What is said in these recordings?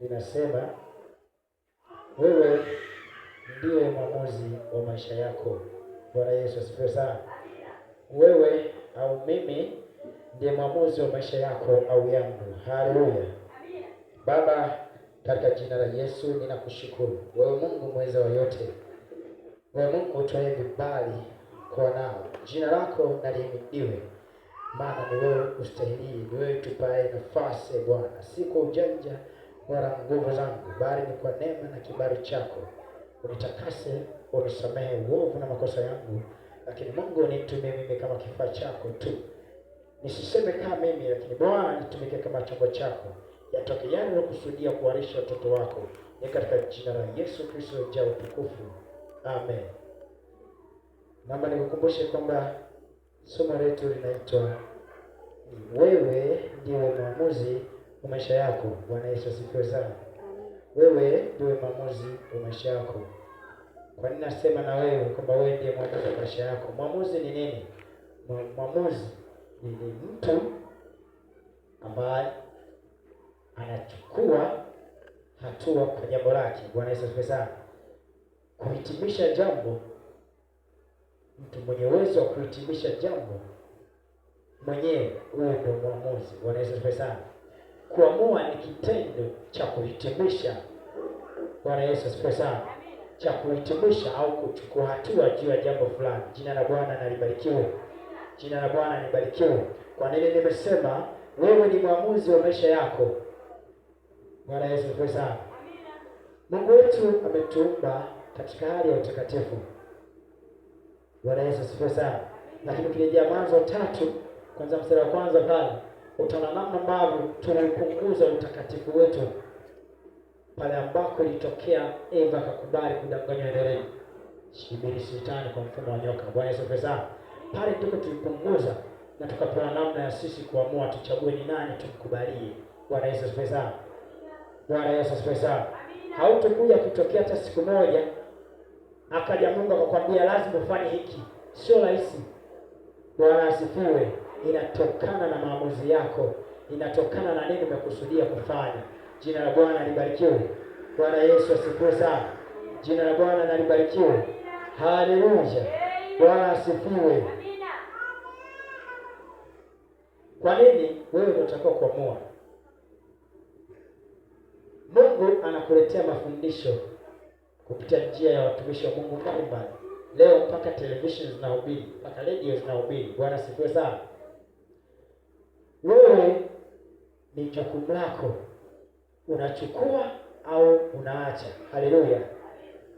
inasema wewe ndiye mwamuzi wa maisha yako. Bwana Yesu asifiwe sana. Wewe au mimi ndiye mwamuzi wa maisha yako au yangu. Haleluya. Baba, katika jina la Yesu ninakushukuru. Wewe Mungu mweza wa yote, wewe Mungu utoe vibali kwa nao, jina lako nalihimidiwe, maana ni wewe ustahili, ni wewe tupae nafasi Bwana, si kwa ujanja wala nguvu zangu, bali ni kwa neema na kibali chako. Unitakase, unisamehe uovu na makosa yangu, lakini Mungu unitumie mimi kama kifaa chako tu, nisiseme kama mimi, lakini Bwana nitumike kama chombo chako. Yatoke yale kusudia kuwarisha watoto wako, ni katika jina la Yesu Kristo ja utukufu, amen. Naomba nikukumbushe kwamba somo letu linaitwa wewe ndiwe mwamuzi wa maisha yako. Bwana Yesu asifiwe sana. Wewe ndiwe mwamuzi wa maisha yako. Kwa nini nasema na wewe kwamba wewe ndiye mwamuzi wa maisha yako? Mwamuzi ni nini? Mwamuzi ni mtu ambaye anachukua hatua kwa jambo lake. Bwana Yesu asifiwe sana. Kuhitimisha jambo, mtu mwenye uwezo wa kuhitimisha jambo mwenyewe, wewe ndio mwamuzi. Bwana Yesu asifiwe sana. Kuamua ni kitendo cha kuhitimisha. Bwana Yesu asifiwe sana, cha kuhitimisha au kuchukua hatua juu ya jambo fulani. Jina la Bwana nalibarikiwe, jina la Bwana nibarikiwe. Kwa nini nimesema wewe ni mwamuzi wa maisha yako? Bwana Yesu asifiwe sana. Mungu wetu ametuumba katika hali ya utakatifu. Bwana Yesu asifiwe sana. Lakini ukirejea Mwanzo tatu kwanza mstari wa kwanza pale utaona namna ambavyo tuliupunguza utakatifu wetu pale ambako ilitokea Eva akakubali kudanganywa Edeni, shibiri shetani kwa mfumo wa nyoka. Bwana Yesu pesa pale tuko tulipunguza na tukapewa namna ya sisi kuamua tuchague ni nani tumkubalie. Bwana Yesu pesa Bwana Yesu pesa hautokuja kutokea hata siku moja akaja Mungu akakwambia lazima ufanye hiki. Sio rahisi. Bwana asifiwe inatokana na maamuzi yako, inatokana na nini umekusudia kufanya. Jina la Bwana libarikiwe. Bwana Yesu asifiwe sana. Jina la Bwana nalibarikiwe. Haleluya, Bwana asifiwe. Kwa nini wewe unatakiwa kuamua? Mungu anakuletea mafundisho kupitia njia ya watumishi wa Mungu mbalimbali. Leo mpaka televisheni zinahubiri, mpaka redio zinahubiri. Bwana asifiwe sana wewe ni jukumu lako, unachukua au unaacha. Haleluya,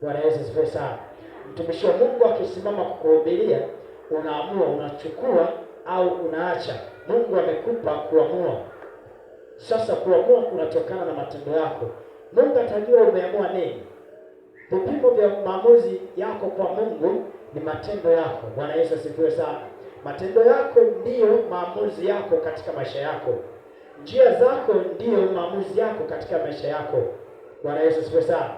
Bwana Yesu asifiwe sana. Mtumishi wa Mungu akisimama kukuhubiria, unaamua, unachukua au unaacha. Mungu amekupa kuamua. Sasa kuamua kunatokana na matendo yako. Mungu atajua umeamua nini. Vipimo vya maamuzi yako kwa Mungu ni matendo yako. Bwana Yesu asifiwe sana. Matendo yako ndiyo maamuzi yako katika maisha yako, njia zako ndiyo maamuzi yako katika maisha yako. Bwana Yesu asifiwe sana.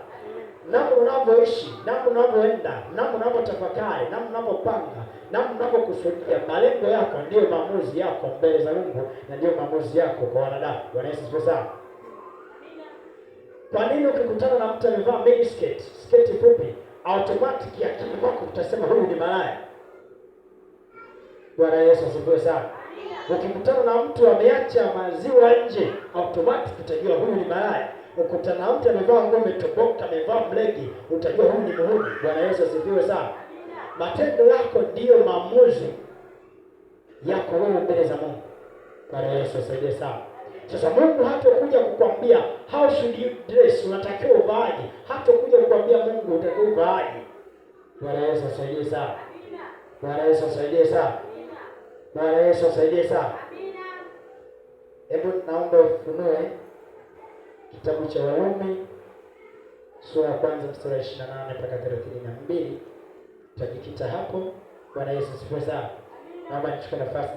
Namna unavyoishi, namna unavyoenda, namna unavyotafakari, namna unavyopanga, namna unavyokusudia, malengo yako ndiyo maamuzi yako mbele za Mungu na ndiyo maamuzi yako kwa wanadamu. Bwana Yesu asifiwe sana. Kwa nini ukikutana na mtu amevaa skirt, sketi fupi, automatic akili yako utasema huyu ni malaya? Bwana Yesu asifiwe sana. Ukikutana na mtu ameacha maziwa nje, automatic utajua huyu ni malaya. Ukutana na mtu amevaa nguo imetoboka, amevaa mlegi, utajua huyu ni muhuni. Bwana Yesu asifiwe sana. Matendo yako ndiyo maamuzi yako wewe mbele za Mungu. Bwana Yesu asaidie sana. Sasa Mungu hatakuja kukwambia how should you dress, unatakiwa uvaaje. Hatakuja kukwambia Mungu unatakiwa uvaaje. Bwana Yesu asaidie sana. Bwana Yesu asaidie sana. Bwana Yesu asaidie sana. Hebu naomba ufunue kitabu cha Warumi sura ya kwanza mstari wa 28 mpaka 32. Tutajikita hapo. Bwana Yesu asifiwe sana. Naomba nichukue nafasi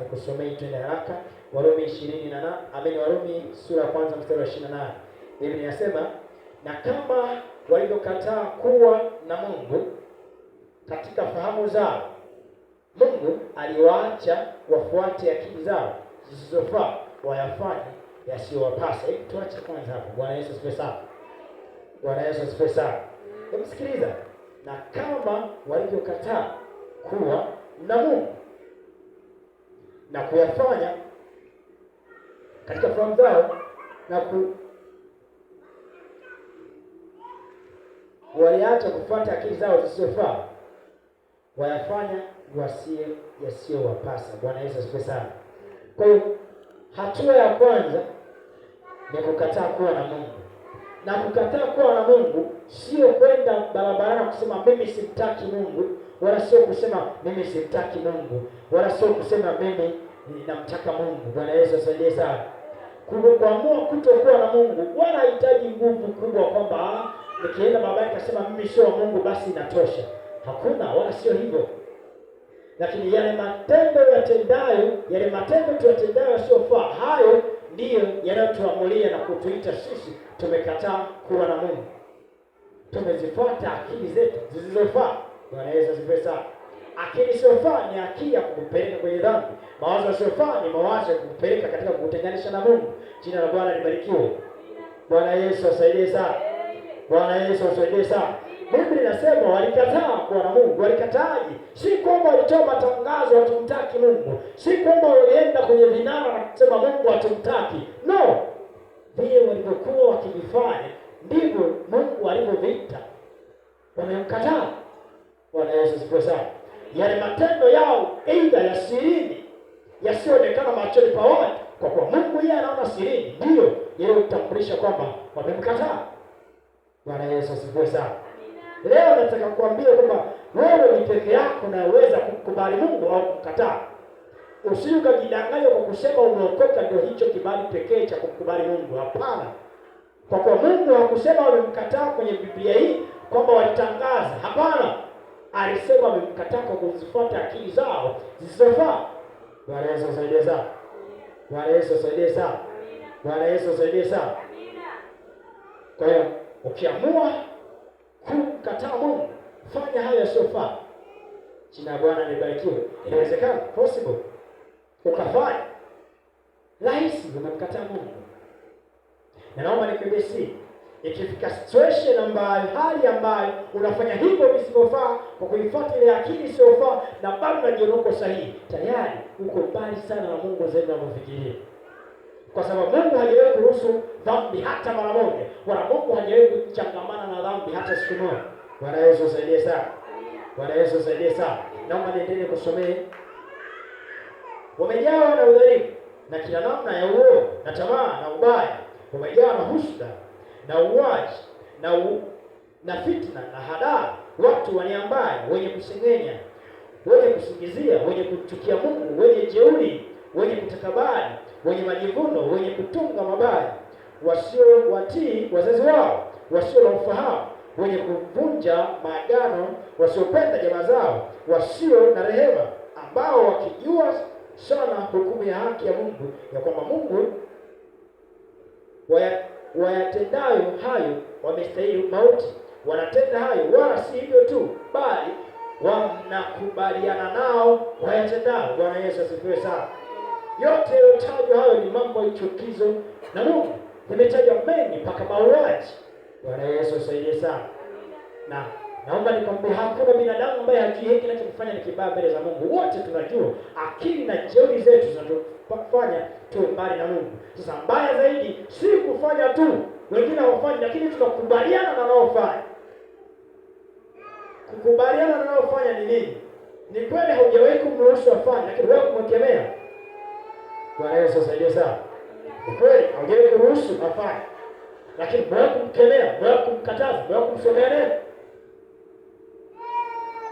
hii tena haraka. Warumi 28, ameni Warumi sura ya kwanza mstari wa 28. Biblia inasema na kama walivyokataa kuwa na Mungu katika fahamu zao Mungu aliwaacha wafuate akili zao zisizofaa wayafanye yasiyowapasa. Hebu tuache kwanza hapo. Bwana Yesu asifiwe sana. Bwana Yesu asifiwe sana. Hebu sikiliza, na kama walivyokataa kuwa na Mungu na kuyafanya katika fahamu zao na ku waliacha kufuata akili zao zisizofaa wayafanya wasiye yasiyowapasa. Bwana Yesu asifiwe sana. Kwa hiyo hatua ya kwanza ni kukataa kuwa na Mungu, na kukataa kuwa na Mungu sio kwenda barabarani kusema mimi simtaki Mungu, wala sio kusema mimi simtaki Mungu, wala sio kusema mimi ninamtaka Mungu. Bwana Yesu asaidie sana. Kuamua kutokuwa na Mungu wala hahitaji nguvu kubwa, kwamba ah, nikienda baba kasema mimi sio Mungu basi inatosha. Hakuna, wala sio hivyo lakini yale matendo yatendayo, yale matendo tuyatendayo yasiyofaa, hayo ndiyo yanayotuamulia na kutuita sisi tumekataa kuwa na Mungu, tumezifuata akili zetu zisizofaa. Bwana Yesu asifiwe sana. Akili isiyofaa ni akili ya kukupeleka kwenye dhambi. Mawazo yasiyofaa ni mawazo ya kukupeleka katika kukutenganisha na Mungu. Jina la Bwana libarikiwe. Bwana Yesu asaidie sana. Bwana Yesu asaidie sana. Biblia inasema walikataa kuwa na Mungu, walikataaje? Si kwamba walitoa matangazo hatumtaki Mungu, si kwamba walienda kwenye vinara na kusema Mungu hatumtaki. No, vile walivyokuwa wakivifanya ndivyo Mungu alivyoviita, wamemkataa. Bwana Yesu asifiwe sana. Yale matendo yao aidha ya sirini yasiyoonekana machoni pa watu, kwa kuwa Mungu yeye anaona sirini, ndiyo yaliyotambulisha kwamba wamemkataa. Bwana Yesu asifiwe sana. Leo nataka kukuambia kwamba wewe ni peke yako unaweza kumkubali Mungu au kukataa Usije ukajidanganya kwa kusema umeokoka ndio hicho kibali pekee cha kumkubali Mungu. Hapana, kwa kuwa Mungu hakusema wamemkataa kwenye Biblia hii kwamba walitangaza. Hapana, alisema wamemkataa kwa kuzifuata akili zao zisizofaa. Bwana Yesu asaidie sana. Bwana Yesu asaidie sana. Bwana Yesu asaidie sana. Kwa hiyo ukiamua kumkataa Mungu, fanya hayo yasiyofaa. Jina la Bwana libarikiwe. Inawezekana, possible ukafanya rahisi, umemkataa Mungu. Na naomba nikwambie, ikifika situation ambayo hali ambayo unafanya hivyo visivyofaa kwa kuifuata ile akili isiyofaa na bado unajiona uko sahihi, tayari uko mbali sana na Mungu zaidi unavyofikiria, kwa sababu Mungu hajawahi kuruhusu dhambi hata mara moja. Wala Mungu hajawahi kuchangamana na dhambi hata siku moja. Bwana Yesu saidie sana. Bwana Yesu saidie sana. Naomba niendelee kusomea. Wamejawa na udhalimu na kila namna ya uovu na tamaa na ubaya, wamejawa na husda na uwaji na u, na fitna na hadaa, watu waniambaya, wenye kusengenya, wenye kusingizia, wenye kumchukia Mungu, wenye jeuri, wenye kutakabari, wenye majivuno, wenye kutunga mabaya wasio watii wazazi wao, wasio na ufahamu, wenye kuvunja maagano, wasiopenda jamaa zao, wasio na rehema, ambao wakijua sana hukumu ya haki ya Mungu ya kwamba Mungu wayatendayo hayo wamestahili mauti. Wanatenda hayo, wala si hivyo tu, bali wanakubaliana nao wayatendao. Bwana Yesu asifiwe sana. Yote yotajwa hayo ni mambo ya chukizo na Mungu. Nimetajwa mengi mpaka mauaji. Bwana Yesu asaidie sana. Na naomba nikwambie hakuna binadamu ambaye hajui hiki kinachofanya ni kibaya mbele za Mungu. Wote tunajua akili na jeuri zetu zinatufanya tuwe mbali na Mungu. Sasa mbaya zaidi si kufanya tu, wengine hawafanyi, lakini tunakubaliana na wanaofanya. Kukubaliana na wanaofanya ni nini? Ni kweli haujawahi kumruhusu afanye, lakini wewe kumkemea. Bwana Yesu asaidie sana. Ukweli kuruhusu afanye, lakini mwe kumkemea, mwe kumkataza, mwe kumsomea neno.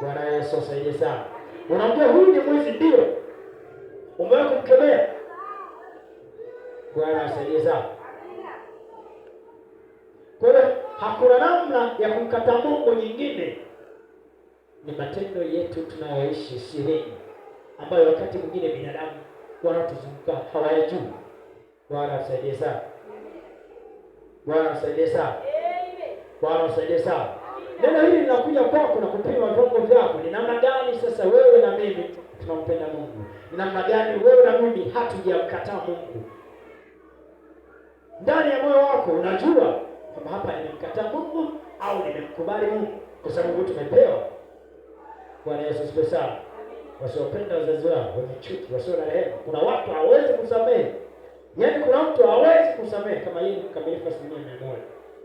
Bwana Yesu asaidie sana. Unamjua huyu ni mwizi, ndio umewe kumkemea. Bwana asaidie sana. Kwa hiyo hakuna namna ya kumkata Mungu nyingine, ni matendo yetu tunayoishi siri, ambayo wakati mwingine binadamu wanatuzunguka hawayajui. Bwana asaidie sana. Bwana asaidie sana. Bwana asaidie sana. Neno hili linakuja kwako na kupima viungo vyako. Ni namna gani sasa wewe na mimi tunampenda Mungu? Ni namna gani wewe na mimi hatujamkataa Mungu? Ndani ya moyo wako unajua kwamba hapa nimemkataa Mungu au nimemkubali Mungu kwa sababu tumepewa. Bwana Yesu asifiwe sana. Wasiopenda wazazi wao, wenye chuki, wasio na rehema. Kuna watu hawawezi kusamehe Yaani kuna mtu hawezi kusamehe kama yeye ni mkamilifu asilimia mia moja.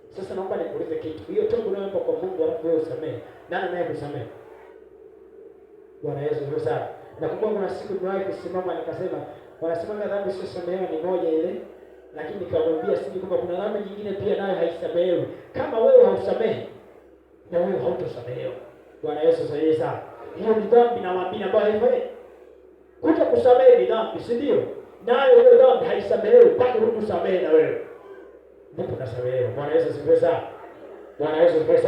Sasa naomba nikuulize kitu. Hiyo toba unayoomba kwa Mungu alafu wewe usamehe. Nani naye kusamehe? Bwana Yesu ndio sana. Nakumbuka kuna siku niwahi kusimama nikasema wanasema dhambi sio samehewa ni moja ile lakini nikamwambia siji kwamba kuna dhambi nyingine pia nayo haisamehewi. Kama wewe hausamehe na wewe hautosamehewa. Bwana Yesu saidie sana. Hiyo ni dhambi na mabina ambayo haifanyi. Kuta kusamehe ni dhambi, si ndio? nayo hiyo dhambi haisamehewi kwani huku samehe na wewe ndipo nasamehewa. Bwana Yesu asifiwe Bwana Yesu asifiwe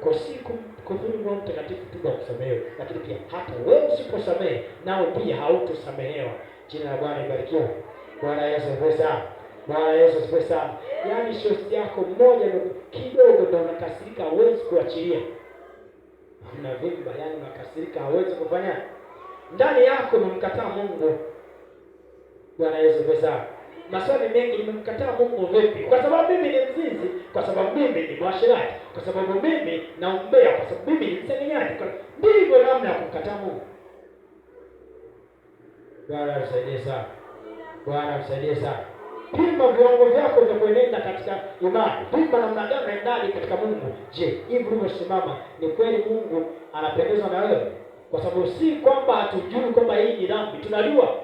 Kwa siku kudhuru Roho Mtakatifu tu kusamehewa, lakini pia hata wewe usiposamehe nao pia hautosamehewa. Jina la Bwana libarikiwe. Bwana Yesu asifiwe Bwana Yesu asifiwe Yaani shosi yako mmoja kidogo ndio unakasirika, hauwezi kuachilia. Unavimba, yaani unakasirika, hauwezi kufanya. Ndani yako umemkataa Mungu. Bwana Yesu pesa. Maswali mengi nimemkataa Mungu vipi? Kwa sababu mimi ni mzinzi, kwa sababu mimi ni mwashirati, kwa sababu mimi na umbea, kwa sababu mimi ni msengenyaji. Ndivyo namna ya kumkataa Mungu. Bwana msaidie sana. Bwana msaidie sana. Pima viwango vyako vya kuenenda katika imani. Pima namna gani unaendani katika Mungu. Je, hivi ulivyosimama ni kweli Mungu anapendezwa na wewe? Kwa sababu si kwamba hatujui kwamba hii ni dhambi, tunajua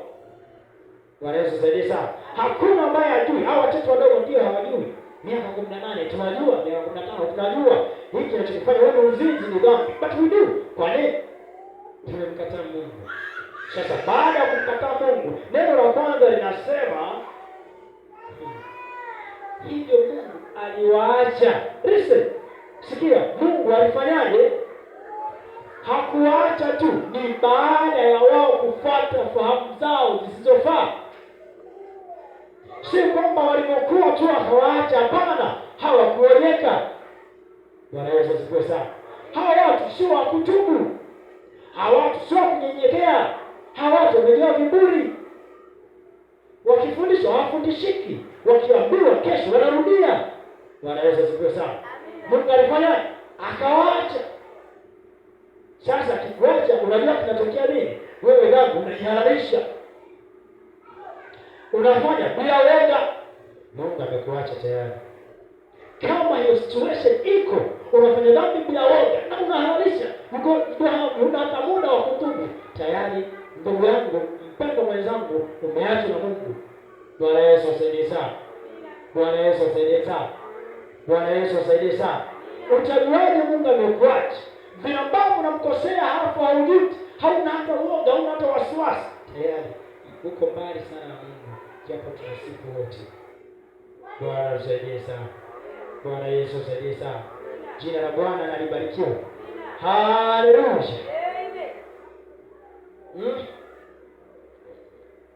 Bwana Yesu sana. Hakuna ambaye ajui Hao watoto wadogo ndio hawajui. Miaka 18 tunajua, miaka 15 tunajua. Hiki kinachofanya wewe uzinzi ni dhambi. But we do. Kwa nini? Tumemkataa Mungu. Sasa baada ya kumkataa Mungu, neno la kwanza linasema hivyo Mungu aliwaacha. Listen. Sikia, Mungu alifanyaje? Hakuwaacha tu, ni baada ya wao kufuata fahamu zao zisizofaa si kwamba walipokuwa tu hawaacha, Hapana, hawakueleka. Bwana Yesu asifiwe sana. Hawa watu sio wa kutubu, hawa watu sio kunyenyekea, hawa watu wamejaa viburi. Wakifundishwa hawafundishiki, wakiambiwa kesho wanarudia. Bwana Yesu asifiwe sana. Mungu alifanya akawaacha. Sasa kikuacha, unajua kinatokea nini? Wewe dhambi unaihararisha unakuja bila uoga, Mungu amekuacha tayari. Kama hiyo situation iko, unafanya dhambi bila woga na unahalisha una muda wa kutubu tayari, ndugu yangu mpendo mwenzangu, umeachwa na Mungu. Bwana Yesu asaidie sana, Bwana Yesu asaidie sana, Bwana Yesu asaidie sana. Utajuaje Mungu amekuacha? Vile ambavyo unamkosea halafu haujuti, hauna hata uoga, hauna hata wasiwasi, tayari uko mbali sana na Mungu japo tuna siku wote. Bwana usaidie sana. Bwana Yesu usaidie sana. Jina la Bwana nalibarikiwa. Haleluya. Hmm?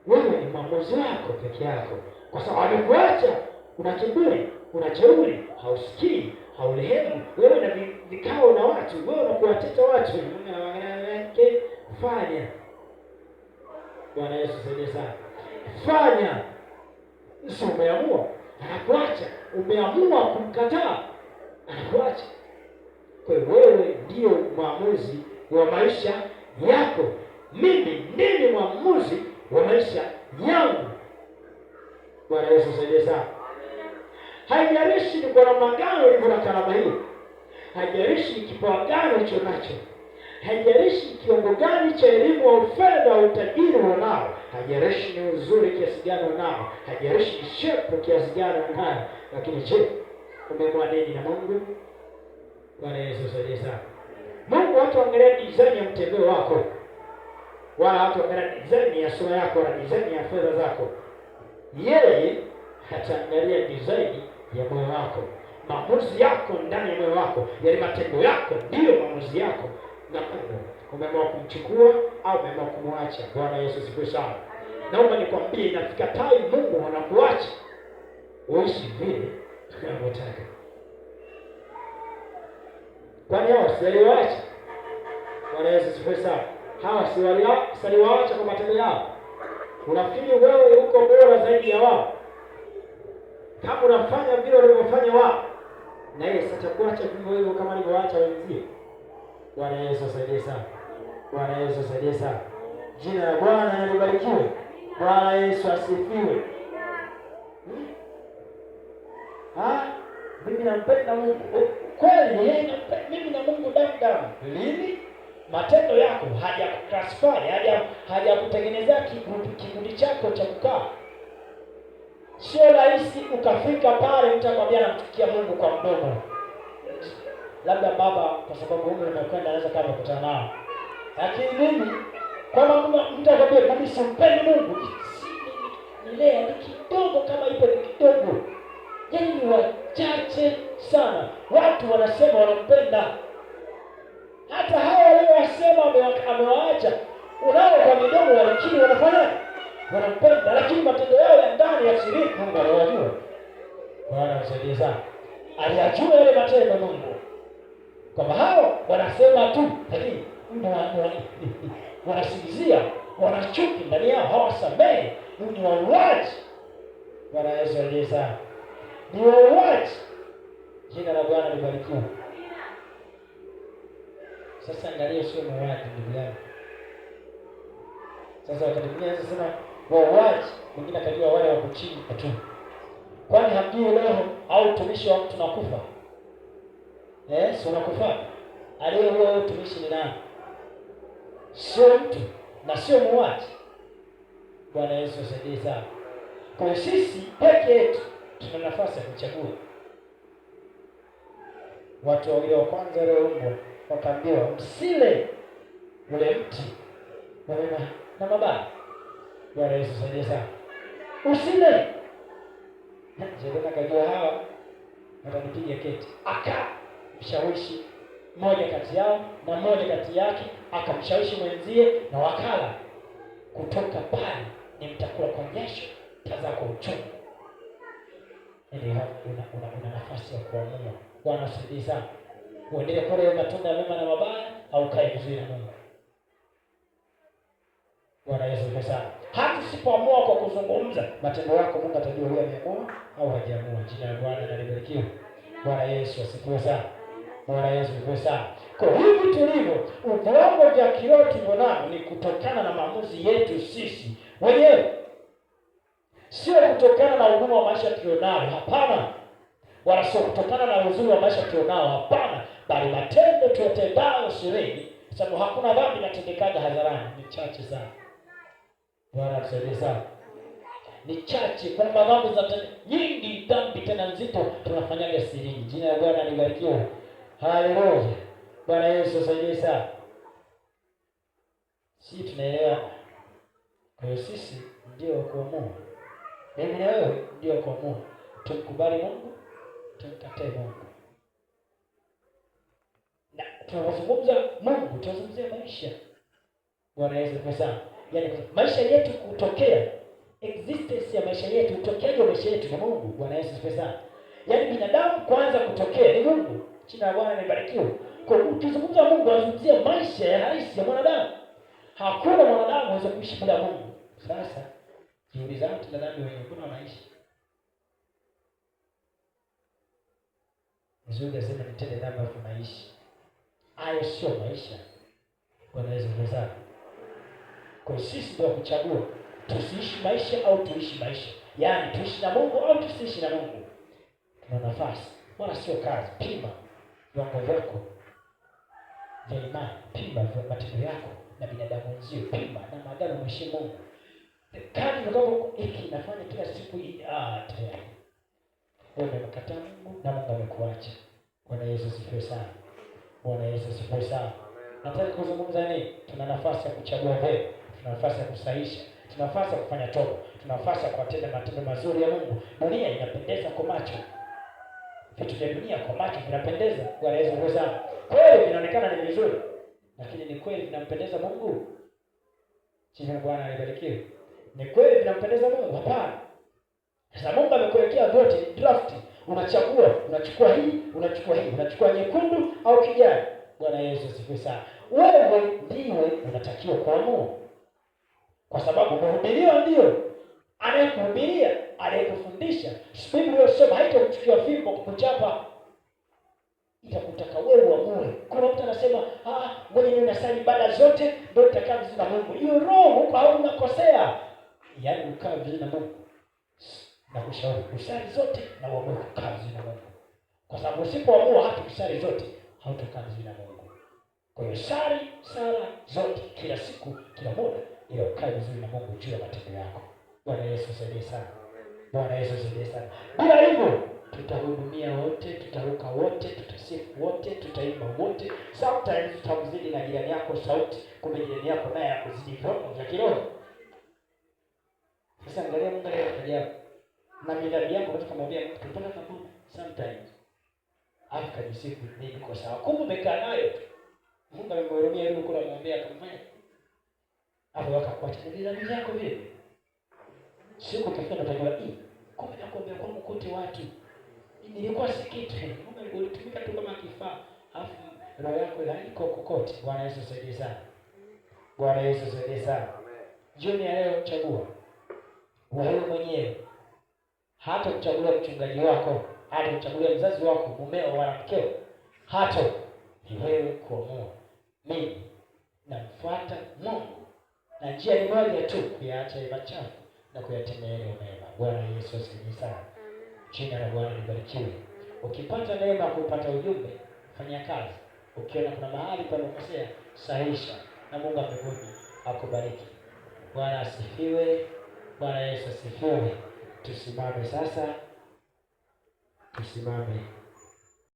Wewe ni mwamuzi wako peke yako, kwa sababu alikuacha una kiburi, una jeuri, hausikii, haurehemu. Wewe na vikao na watu, wewe unakuwatetea watu, fanya. Bwana Yesu saidie sana fanya. Si umeamua, anakuacha. Umeamua kumkataa, anakuacha. Kwa hiyo wewe ndio mwamuzi wa maisha yako. Mimi ndimi mwamuzi wa maisha yangu. Bwana Yesu saidie sana. Haijarishi ni kwa namna gani ulivyo na karama hii haijarishi ni kipawa gani ulicho nacho haijalishi kiwango gani cha elimu au fedha au utajiri wanao, haijalishi ni uzuri kiasi gani wanao, haijalishi ni shepu kiasi gani wanayo, lakini je, umekuwa na Mungu? Bwana Yesu asaidie sana. Mungu hataangalia design ya mtembeo wako, wala hataangalia design ya sura yako, wala design ya fedha zako. Yeye hataangalia design ya moyo wako. Maamuzi yako ndani ya moyo wako, yale yaani matendo yako ndiyo maamuzi yako na Yakobo, umeamua kumchukua au umeamua kumwacha? Bwana Yesu siku sana. Naomba nikwambie, inafika tai Mungu anakuacha uishi vile unavyotaka. Kwani hao si aliwaacha? Bwana Yesu siku sana. Hawa si aliwaacha kwa matendo yao. Unafikiri wewe uko bora zaidi ya wao? Kama unafanya vile walivyofanya wao, na yeye sitakuacha vivyo hivyo kama alivyowaacha wenzie. Bwana Yesu asaidie sana. Bwana Yesu asaidie sana. Jina la Bwana nalibarikiwe. Bwana Yesu asifiwe. Hmm? Ah, mimi nampenda Mungu eh, kweli, yeye mimi na Mungu damu damu. Lini matendo yako hajakutransfer, haja hajakutengenezea kikundi chako cha kukaa. Sio rahisi ukafika pale, mtakwambia namtukia Mungu kwa mdomo labda baba kwa sababu umri umekwenda anaweza kama kukutana nao, lakini mimi kama mtu akwambia kabisa simpeni Mungu nilea ni kidogo, kama ipo ni kidogo, yaani ni wachache sana watu wanasema wanampenda. Hata hawa waliowasema amewaacha unao kwa midomo, lakini wanafanya wanampenda, lakini matendo yao ya ndani ya siri Mungu anayajua. Bwana msaidie sana, aliyajua yale matendo Mungu kwamba hao wanasema tu, lakini wanasingizia, wanachuki ndani yao, hawasamehe. Ni wauaji. Bwana Yesu aliye sana ni wauaji. Jina la Bwana libarikiwe. Sasa angalia, sio mauaji ndugu yangu. Sasa wakati mwingine anaweza sema wauaji, mwingine akajua wale wako chini kwani hamjui leo au utumishi wa mtu nakufa eh, si unakufanya aliye huyo mtumishi ni nani? Sio mtu na sio muuaji. Bwana Yesu asaidie sana. Kwa sisi peke yetu tuna nafasi ya kuchagua. Watu wawili wa kwanza walioumbwa wakaambiwa msile ule mti na mema na mabaya. Bwana Yesu asaidie sana. Usile. Je, kajua hawa watanipiga keti. Aka kumshawishi mmoja kati yao na mmoja kati yake akamshawishi mwenzie na wakala kutoka pale, ni mtakula kuonyesha tazako uchungu Ili yaani una, una, una nafasi ya kuamua. Bwana asifiwe sana. Uendelee kule matunda ya mema na mabaya au kae vizuri na Mungu. Bwana Yesu asifiwe sana. Hata usipoamua kwa kuzungumza, matendo yako Mungu atajua wewe umeamua au hajaamua. Jina la Bwana libarikiwe. Bwana Yesu asifiwe sana. Bwana Yesu iwe sana. Kwa hivi tulivyo, ubongo vya kiroho tulionao ni kutokana na maamuzi yetu sisi wenyewe, sio kutokana na ugumu wa maisha tulionao, hapana, wala sio kutokana na uzuri wa maisha tulionao, hapana, bali matendo tuyatendayo sirini, sababu hakuna dhambi inatendekaga hadharani, ni chache sana. Bwana tusaidie sana ni chache kwamba dhambi nyingi, dhambi tena nzito tunafanyaga sirini. Jina la Bwana libarikiwe. Haleluya. Bwana Yesu asaidie sana. Sisi tunaelewana. Kwa hiyo sisi ndio kuamua. Mimi na wewe ndio kuamua. Tumkubali Mungu, tumkatae Mungu. Na tunapozungumza Mungu, tunazungumzia maisha. Bwana Yesu asaidie sana. Yaani maisha yetu kutokea existence ya maisha yetu, utokeaji wa maisha yetu na Mungu. Bwana Yesu kwa sana. Yaani binadamu kwanza kutokea ni Mungu. Jina la Bwana libarikiwe. Kwa ukizungumza Mungu unazungumzia maisha ya halisi ya mwanadamu. Hakuna mwanadamu anaweza kuishi bila Mungu. Sasa juhudi zangu tunadhambi wenye kuna maisha. Mzungu anasema nitende dhambi afu maisha. Hayo sio maisha. Kwa Yesu mzaa. Kwa sisi ndio kuchagua tusiishi maisha au tuishi maisha. Yaani tuishi na Mungu au tusiishi na Mungu. Tuna nafasi. Wala sio kazi. Pima viwango vyako vya imani, pima matendo yako na binadamu wenzio, pima na maadamu mheshimu Mungu kadi mkao hiki nafanya kila siku ah, tayari wewe umemkataa Mungu na Mungu amekuacha. Bwana Yesu asifiwe sana. Bwana Yesu asifiwe sana. Nataka kuzungumza nini? Tuna nafasi ya kuchagua mbele, tuna nafasi ya kusaisha, tuna nafasi ya kufanya toba, tuna nafasi ya kuwatenda matendo mazuri ya Mungu. Dunia inapendeza kwa macho, vitu vya dunia kwa macho vinapendeza, wanaweza kuweza kweli, vinaonekana ni vizuri, lakini ni kweli vinampendeza Mungu? Sijana Bwana alibarikiwe. Ni kweli vinampendeza Mungu? Hapana. Sasa Mungu amekuwekea vote draft, unachagua, unachukua hii, unachukua hii, unachukua nyekundu au kijani. Bwana Yesu asifiwe sana. Wewe ndiwe unatakiwa kuamua, kwa sababu kuhubiriwa ndio anayekuhubiria, anayekufundisha. Biblia inasema haitamchukia fimbo kuchapa, itakutaka wewe uamue. Kuna mtu anasema ah, ah ngoja niwe nasali ibada zote ndio nitakaa vizuri na Mungu. Hiyo roho huko au unakosea, yaani ukaa vizuri na Mungu. Na kushauri usali zote na uamue kukaa vizuri na Mungu, kwa sababu usipoamua hata kusali zote hautakaa vizuri na Mungu. Kwa hiyo sali sala zote, kila siku, kila muda, ili ukae vizuri na Mungu juu ya matendo yako. Bwana Yesu saidie sana, Bwana Yesu saidie sana. Bila hivyo tutahudumia wote, tutaruka wote, tutasifu wote, tutaimba wote. Sometimes tutamzidi na jirani yako sauti, kumbe jirani yako naye akuzidi viwango vya kiroho. Sasa angalia Mungu aliyekujalia na midhabi yako, katika kumwambia mtu tupata kaburi sometimes afu kajisifu nini kwa sawa, kumbe umekaa nayo Mungu amemhurumia, yule kuna mwambia akamfanya hapo, wakakuacha na dhambi zako vile siku kufika nikajua hii kwa na kuombea kwangu kote watu nilikuwa si mume ulitumika tu kama kifaa afu roho yako ila iko kokote bwana Yesu asaidie sana bwana Yesu asaidie sana jioni ya leo chagua wewe mwenyewe hata kuchagulia mchungaji wako hata kuchagulia mzazi wako mumeo wala mkeo hata ni wewe kuamua mimi namfuata Mungu na njia ni moja tu kuyaacha machafu na kuyatenda yale mema. Bwana Yesu asifiwe sana. Jina la Bwana libarikiwe. Ukipata neema kwa kupata ujumbe, fanya kazi. Ukiona kuna mahali panakosea, sahisha na Mungu mbinguni akubariki. Bwana asifiwe. Bwana Yesu asifiwe. Tusimame sasa, tusimame.